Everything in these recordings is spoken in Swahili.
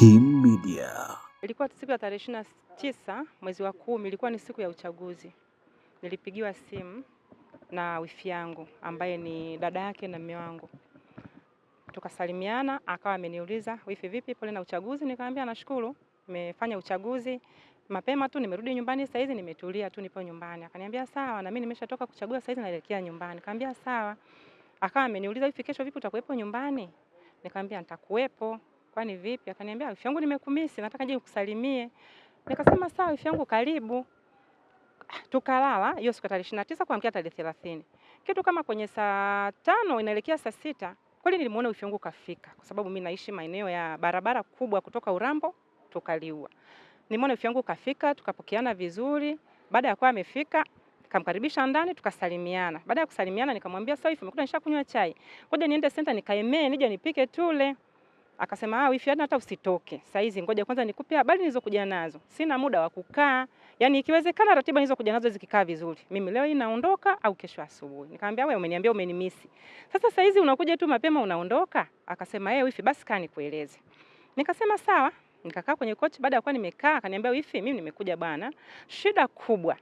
Kim Media. Ilikuwa siku ya tarehe ishirini na tisa mwezi wa kumi, ilikuwa ni siku ya uchaguzi. Nilipigiwa simu na wifi yangu ambaye ni dada yake na mume wangu, tukasalimiana, akawa ameniuliza wifi, vipi, pole na uchaguzi? Nikamwambia nashukuru, nimefanya uchaguzi mapema tu, nimerudi nyumbani sasa hizi, nimetulia tu, nipo nyumbani. Akaniambia sawa, na mimi nimeshatoka kuchagua sasa hizi, naelekea nyumbani. Nikamwambia sawa. Akawa ameniuliza hivi, kesho vipi, utakuwepo nyumbani? Nikamwambia nitakuwepo kwani vipi? Akaniambia wifi yangu, nimekumisi nataka nje nikusalimie. Nikasema sawa wifi yangu, karibu. Tukalala hiyo siku tarehe 29 kuamkia tarehe 30, kitu kama kwenye saa tano inaelekea saa sita kweli nilimuona wifi yangu kafika, kwa sababu mimi naishi maeneo ya barabara kubwa kutoka Urambo tukaliua. Nilimuona wifi yangu kafika, tukapokeana vizuri. Baada ya kuwa amefika kamkaribisha ndani tukasalimiana. Baada ya kusalimiana nikamwambia sawa, hivi umekuja nishakunywa chai. Ngoja niende senta nikaemee nije nipike tule akasema ah, wifi yaani hata usitoke saa hizi, ngoja kwanza nikupe habari nilizokuja nazo, sina muda wa kukaa. Yani ikiwezekana ratiba nilizokuja nazo zikikaa vizuri, mimi leo inaondoka au kesho asubuhi. Nikamwambia wewe umeniambia umenimisi, sasa saa hizi unakuja tu mapema unaondoka. Akasema eh, wifi, basi kani kueleze. Nikasema sawa, nikakaa kwenye kochi. Baada ya kuwa nimekaa, akaniambia wifi, mimi nimekuja bwana, shida kubwa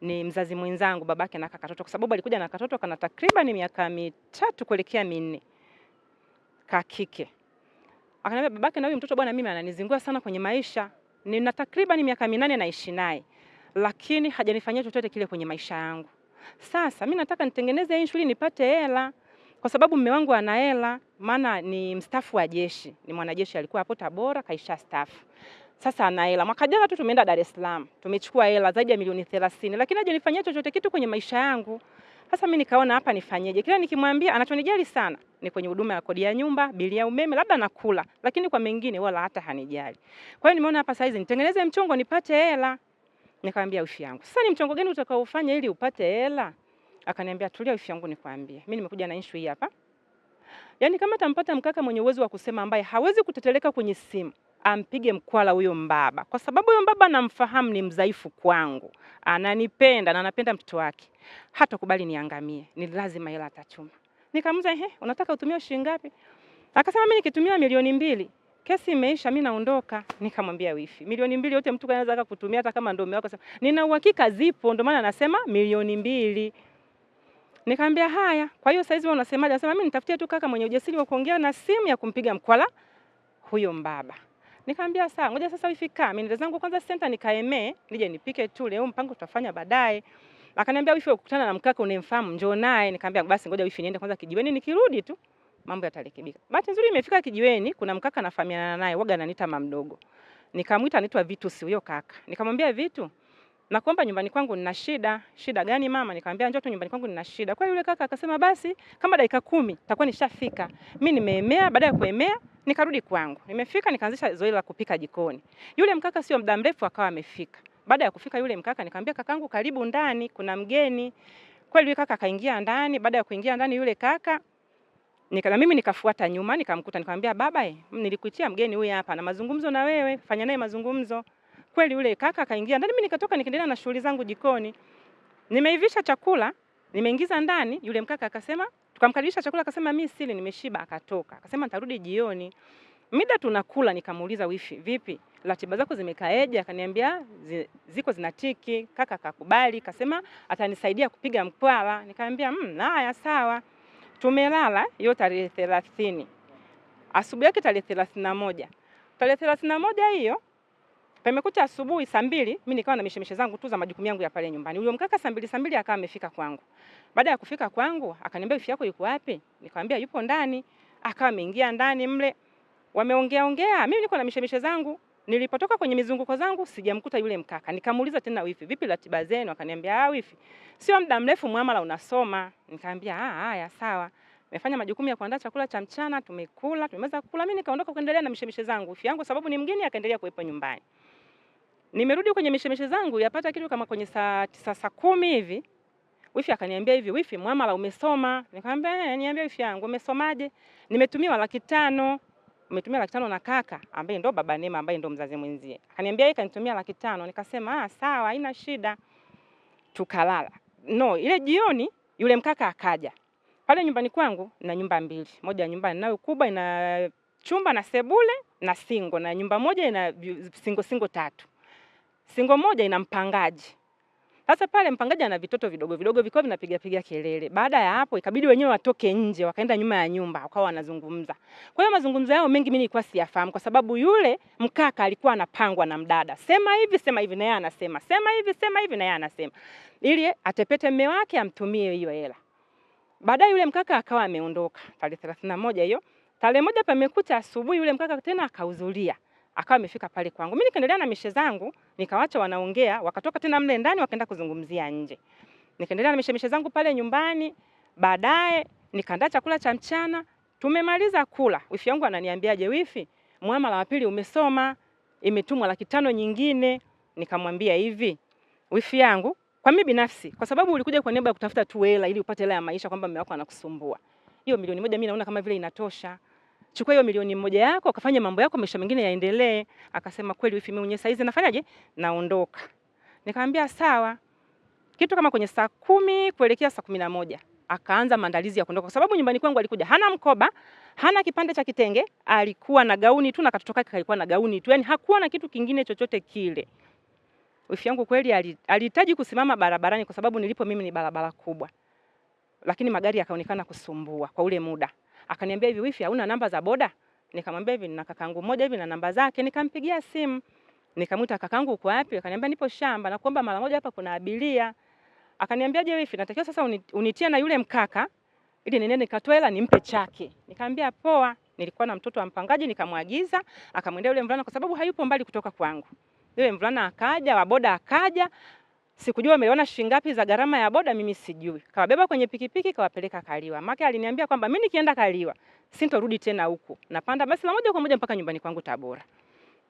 ni mzazi mwenzangu babake na kakatoto, kwa sababu alikuja na katoto kana takriban miaka mitatu kuelekea minne, kakike Akaniambia babake na huyu mtoto bwana, mimi ananizingua sana kwenye maisha, nina takriban miaka minane naishi naye, lakini hajanifanyia chochote kile kwenye maisha yangu. Sasa mimi nataka nitengeneze hii shule nipate hela, kwa sababu mume wangu ana hela, maana ni mstaafu wa jeshi, ni mwanajeshi, alikuwa hapo Tabora kaisha staafu. Sasa ana hela. Mwaka jana tu tumeenda Dar es Salaam, tumechukua hela zaidi ya milioni 30, lakini hajanifanyia chochote kitu kwenye maisha yangu. Sasa mimi nikaona hapa nifanyeje? Kila nikimwambia anachonijali sana ni kwenye huduma ya kodi ya nyumba, bili ya umeme, labda nakula, lakini kwa mengine wala hata hanijali. Kwa hiyo nimeona hapa saizi nitengeneze mchongo nipate hela. Nikamwambia ushi yangu, sasa ni mchongo gani utakaofanya ili upate hela? Akaniambia tulia ushi yangu, nikwambie mimi nimekuja na issue hii hapa. Yaani kama tampata mkaka mwenye uwezo wa kusema ambaye hawezi kuteteleka kwenye simu ampige mkwala huyo mbaba, kwa sababu huyo mbaba namfahamu, ni mdhaifu kwangu, ananipenda na anapenda mtoto wake, hata kubali niangamie, ni lazima hela atachuma. Nikamuza, ehe, unataka utumie shilingi ngapi? Akasema mimi nikitumia milioni mbili kesi imeisha, mimi naondoka. Nikamwambia wifi, milioni mbili yote mtu anaweza kutumia, hata kama ndio mume wako. Nina uhakika zipo, ndio maana anasema milioni mbili. Nikamwambia haya, kwa hiyo saizi wewe unasemaje? Anasema mimi nitafutia tu kaka mwenye ujasiri wa kuongea na simu ya kumpiga mkwala huyo mbaba. Nikamwambia sawa, ngoja sasa wifika, mimi nenda zangu kwanza center nikaeme, nije nipike tu leo, mpango tutafanya baadaye. Akaniambia wifi, ukutana na mkaka unemfahamu, njoo naye. Nikamwambia basi ngoja wifi niende kwanza kijiweni, nikirudi tu mambo yatarekebika. Bahati nzuri imefika kijiweni, kuna mkaka anafahamiana naye, waga ananiita mama mdogo. Nikamwita, anaitwa Vitu, si huyo kaka. Nikamwambia Vitu, nakuomba nyumbani kwangu nina shida. Shida gani mama? Nikamwambia njoo tu nyumbani kwangu nina shida. Kwa yule kaka akasema basi kama dakika kumi takuwa nishafika. Mimi nimeemea, baada ya kuemea Nikarudi kwangu, nimefika nikaanzisha zoezi la kupika jikoni. Yule mkaka sio muda mrefu akawa amefika. Baada ya kufika yule mkaka, nikamwambia kakangu, karibu ndani, kuna mgeni. Kweli yule kaka akaingia ndani. Baada ya kuingia ndani yule kaka nika, na mimi nikafuata nyuma nikamkuta, nikamwambia baba, eh, nilikuitia mgeni huyu hapa na mazungumzo na wewe, fanya naye mazungumzo. Kweli yule kaka akaingia ndani, mimi nikatoka nikaendelea na shughuli zangu jikoni, nimeivisha chakula nimeingiza ndani. Yule mkaka akasema tukamkaribisha chakula, akasema mimi sili, nimeshiba. Akatoka akasema nitarudi jioni. Mida tunakula, nikamuuliza wifi, vipi ratiba zako zimekaeje? Akaniambia ziko zinatiki. Kaka akakubali, kasema atanisaidia kupiga mkwala. Nikamwambia mmm, haya sawa. Tumelala hiyo tarehe 30 asubuhi yake tarehe 31 tarehe 31 hiyo Pamekuta asubuhi saa mbili mimi nikawa na mishemishe zangu tu za majukumu yangu ya pale nyumbani. Huyo mkaka saa mbili saa mbili akawa amefika kwangu. Baada ya kufika kwangu akaniambia wifi yako yuko wapi? Nikamwambia yupo ndani. Akawa ameingia ndani mle. Wameongea ongea. Mimi niko na mishemishe zangu. Nilipotoka kwenye mizunguko zangu sijamkuta yule mkaka. Nikamuuliza tena wifi, vipi ratiba zenu? Akaniambia ah, wifi, sio muda mrefu muamala unasoma. Nikamwambia ah, haya sawa. Nimefanya majukumu ya kuandaa chakula cha mchana, tumekula, tumeweza kukula. Mimi nikaondoka kuendelea na mishemishe zangu. Wifi yangu sababu ni mgeni akaendelea kuwepo nyumbani. Nimerudi kwenye mishemishe zangu yapata kitu kama kwenye saa tisa saa kumi hivi. Wifi akaniambia hivi, wifi muamala umesoma? Nikamwambia eh, niambia wifi yangu umesomaje? Nimetumiwa laki tano. Umetumia laki tano na kaka ambaye ndo baba Neema ambaye ndo mzazi mwenzie. Akaniambia yeye kanitumia laki tano. Nikasema ah, sawa haina shida. Tukalala. No, ile jioni yule mkaka akaja. Pale nyumbani kwangu na nyumba mbili. Moja ya nyumba ninayo kubwa ina chumba na sebule na singo na nyumba moja ina singo singo tatu singo moja ina mpangaji. Sasa pale mpangaji ana vitoto vidogo vidogo vikao vinapiga piga kelele. Baada ya hapo ikabidi wenyewe watoke nje, wakaenda nyuma ya nyumba, wakawa wanazungumza. Kwa hiyo mazungumzo yao mengi mimi nilikuwa siyafahamu kwa sababu yule mkaka alikuwa anapangwa na mdada. Sema hivi, sema hivi na yeye anasema. Sema hivi, sema hivi na yeye anasema. Ili atepete mme wake amtumie hiyo hela. Baadaye yule mkaka akawa ameondoka tarehe 31 hiyo. Tarehe moja pamekucha asubuhi yule mkaka tena akahudhuria akawa amefika pale kwangu. Mimi nikaendelea na mishe zangu, nikawacha wanaongea, wakatoka tena mle ndani wakaenda kuzungumzia nje. Nikaendelea na mishe mishe zangu pale nyumbani, baadaye nikaandaa chakula cha mchana. Tumemaliza kula, wifi yangu ananiambiaje, wifi, muamala wa pili umesoma, imetumwa laki tano nyingine. Nikamwambia hivi, wifi yangu, kwa mimi binafsi, kwa sababu ulikuja kwa niaba ya kutafuta tu hela ili upate hela ya maisha, kwamba mume wako anakusumbua, hiyo milioni moja mimi naona kama vile inatosha chukua hiyo milioni moja yako akafanya mambo yako, maisha mengine yaendelee. Akasema kweli wifi, mimi mwenyewe saizi nafanyaje, naondoka. Nikamwambia sawa. Kitu kama kwenye saa kumi kuelekea saa kumi na moja akaanza maandalizi ya kuondoka, kwa sababu nyumbani kwangu alikuja hana mkoba, hana kipande cha kitenge, alikuwa na gauni tu na katoto kake kalikuwa na gauni tu, yani hakuwa na kitu kingine chochote kile. Wifi yangu kweli alihitaji kusimama barabarani, kwa sababu nilipo mimi ni barabara kubwa, lakini magari yakaonekana kusumbua kwa ule muda. Akaniambia hivi, wifi, hauna namba za boda? Nikamwambia hivi, nina kakangu mmoja hivi na namba zake. Nikampigia simu nikamuta, kakangu uko wapi? Akaniambia nipo shamba, nakuomba mara moja, hapa kuna abiria. Akaniambia je, wifi, natakiwa sasa unitie na yule mkaka ili ninene nikatwela nimpe chake. Nikamwambia poa. Nilikuwa na mtoto wa mpangaji nikamwagiza, akamwendea yule mvulana kwa sababu hayupo mbali kutoka kwangu. Yule mvulana akaja, waboda akaja, Sikujua wameona shilingi ngapi za gharama ya boda, mimi sijui. Kawabeba kwenye pikipiki kawapeleka Kaliwa. Maki aliniambia kwamba mimi nikienda Kaliwa sintorudi tena huku, napanda basi la moja kwa moja mpaka nyumbani kwangu Tabora.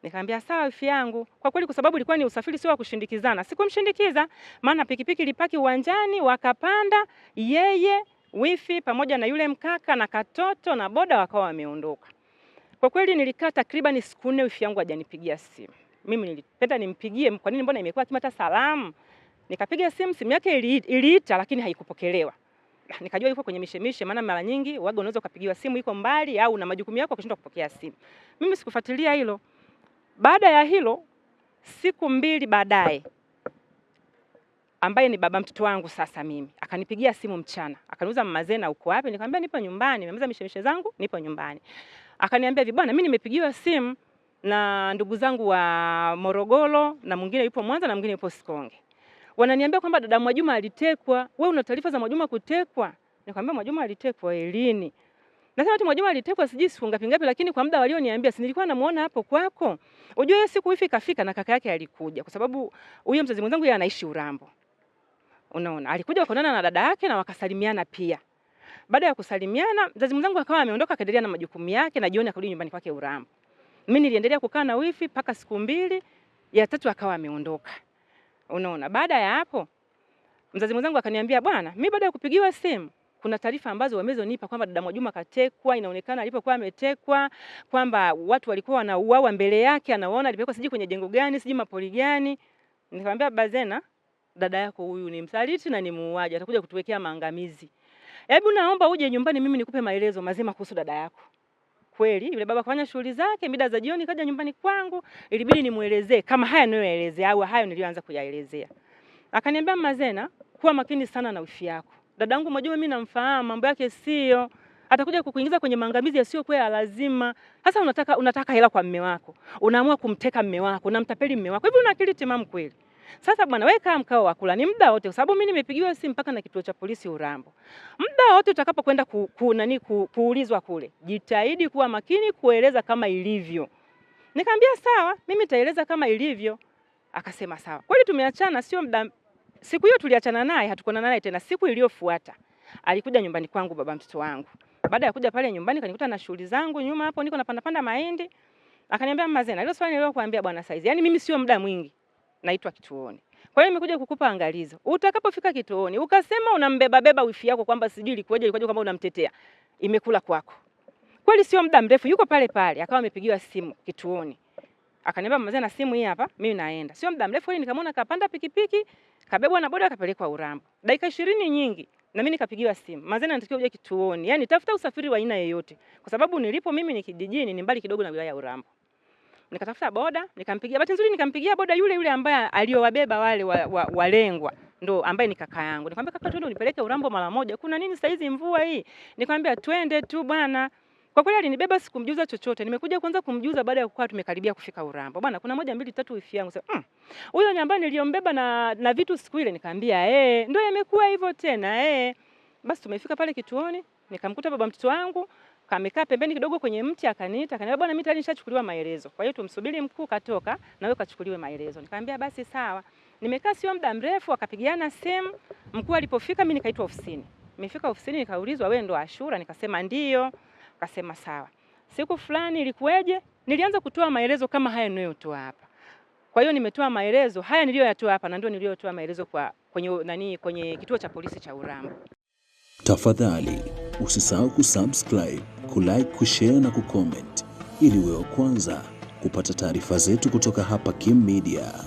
Nikamwambia sawa wifi yangu. Kwa kweli, kwa sababu ilikuwa ni usafiri sio wa kushindikizana, sikumshindikiza, maana pikipiki ilipaki uwanjani, wakapanda yeye, wifi pamoja na yule mkaka na katoto na boda, wakawa wameondoka. Kwa kweli nilikaa takriban siku nne, wifi yangu hajanipigia simu. Mimi nilipenda nimpigie, kwa nini mbona imekuwa kimata salamu Nikapiga simu, simu yake iliita, lakini haikupokelewa. Ah, nikajua yuko kwenye mishemishe, maana mara nyingi waga unaweza ukapigiwa simu iko mbali au na majukumu yako ukashindwa kupokea simu. Mimi sikufuatilia hilo. Baada ya hilo, siku mbili baadaye, ambaye ni baba mtoto wangu sasa, mimi akanipigia simu mchana, akaniuza mama Zena, uko wapi? Nikamwambia nipo nyumbani, nimemaliza mishemishe zangu, nipo nyumbani. Akaniambia hivi, bwana, mimi nimepigiwa simu na ndugu zangu wa Morogoro na mwingine yupo Mwanza na mwingine yupo Sikonge Wananiambia kwamba dada Mwajuma alitekwa. Wewe una taarifa za Mwajuma kutekwa? Nikamwambia Mwajuma alitekwa elini. Nasema ati Mwajuma alitekwa sijui siku ngapi ngapi, lakini kwa muda walioniambia, si nilikuwa namuona hapo kwako. Unajua hiyo siku hivi kafika na kaka yake alikuja, kwa sababu huyo mzazi mwenzangu yeye anaishi Urambo. Unaona, alikuja wakaonana na dada yake na wakasalimiana pia. Baada ya kusalimiana, mzazi mwenzangu akawa ameondoka akaendelea na majukumu yake na jioni akarudi nyumbani kwake Urambo. Mimi niliendelea kukaa na wifi mpaka siku mbili, ya tatu akawa ameondoka. Unaona, baada ya hapo mzazi mwenzangu akaniambia, bwana, mimi baada ya kupigiwa simu kuna taarifa ambazo wamezonipa kwamba dada Mwajuma katekwa. Inaonekana alipokuwa ametekwa kwamba watu walikuwa wanauawa mbele yake, anaona alipokuwa, sijui kwenye jengo gani, sijui mapoli gani. Nikamwambia Bazena, dada yako huyu ni msaliti na ni muuaji, atakuja kutuwekea maangamizi. Hebu naomba uje nyumbani, mimi nikupe maelezo mazima kuhusu dada yako kweli yule baba kufanya shughuli zake, mida za jioni kaja nyumbani kwangu, ilibidi nimuelezee kama haya niliyoelezea au hayo niliyoanza kuyaelezea. Akaniambia, Mazena, kuwa makini sana na wifi yako. Dadangu mjomba mimi namfahamu, mambo yake sio atakuja kukuingiza kwenye maangamizi kwa ya lazima. Sasa unataka unataka hela kwa mme wako, unaamua kumteka mme wako, unamtapeli mme wako. Hivi una akili timamu kweli? Sasa bwana, wewe kaa mkao wa kula ni muda wote, kwa sababu mimi nimepigiwa simu mpaka na kituo cha polisi Urambo. Muda wote utakapokwenda ku, ku, nani ku, kuulizwa kule, jitahidi kuwa makini kueleza kama ilivyo. Nikamwambia sawa, mimi nitaeleza kama ilivyo. Akasema sawa. Kweli tumeachana, sio muda. Siku hiyo tuliachana naye, hatukuona naye tena. Siku iliyofuata alikuja nyumbani kwangu baba mtoto wangu. Baada ya kuja pale nyumbani kanikuta na shughuli zangu nyuma hapo, niko napanda panda mahindi. Akaniambia Mama Zena, hilo swali nililokuambia bwana saizi. Yaani mimi sio muda mwingi naitwa kituoni. Kwa hiyo nimekuja kukupa angalizo. Utakapofika kituoni ukasema unambeba beba wifi yako kwamba sijui ilikuwaje ilikuwaje kwamba unamtetea. Imekula kwako. Kweli sio muda mrefu yuko pale pale akawa amepigiwa simu kituoni. Akaniambia mzee na simu hii hapa mimi naenda. Sio muda mrefu ile nikamwona kapanda pikipiki, kabebwa na boda akapelekwa Urambo. Dakika 20 nyingi na mimi nikapigiwa simu. Mazana natakiwa uje kituoni. Yaani tafuta usafiri wa aina yoyote. Kwa sababu nilipo mimi ni kijijini ni mbali kidogo na wilaya ya Urambo nikatafuta boda nikampigia. Bahati nzuri nikampigia boda yule yule ambaye aliyowabeba wale walengwa wa, wa ndo ambaye ni kaka yangu. Nikamwambia kaka, twende unipeleke Urambo mara moja, kuna nini sasa hizi mvua hii? Nikamwambia twende tu bwana. Kwa kweli alinibeba, sikumjuza chochote. Nimekuja kwanza kumjuza baada ya kukaa tumekaribia kufika Urambo. Bwana, kuna moja mbili tatu wifi yangu. Sasa mm. huyo mm, ambaye niliyombeba na na vitu siku ile nikamwambia eh, ndio yamekuwa hivyo tena eh. Basi tumefika pale kituoni, nikamkuta baba mtoto wangu kamekaa pembeni kidogo kwenye mti akaniita, akaniambia bwana, mimi tayari nishachukuliwa maelezo, kwa hiyo tumsubiri mkuu katoka na wewe kachukuliwe maelezo. Nikamwambia basi sawa. Nimekaa sio muda mrefu, akapigiana simu. Mkuu alipofika, mimi nikaitwa ofisini. Nimefika ofisini nikaulizwa, wewe ndo Ashura? Nikasema ndio. Akasema sawa. Siku fulani ilikuweje? nilianza kutoa maelezo kama haya ninayotoa hapa. Kwa hiyo nimetoa maelezo haya niliyoyatoa hapa na ndio niliyotoa maelezo kwa kwenye nani, kwenye kituo cha polisi cha Urambo. Tafadhali usisahau kusubscribe, kulike, kushare na kucomment ili uwe wa kwanza kupata taarifa zetu kutoka hapa Kim Media.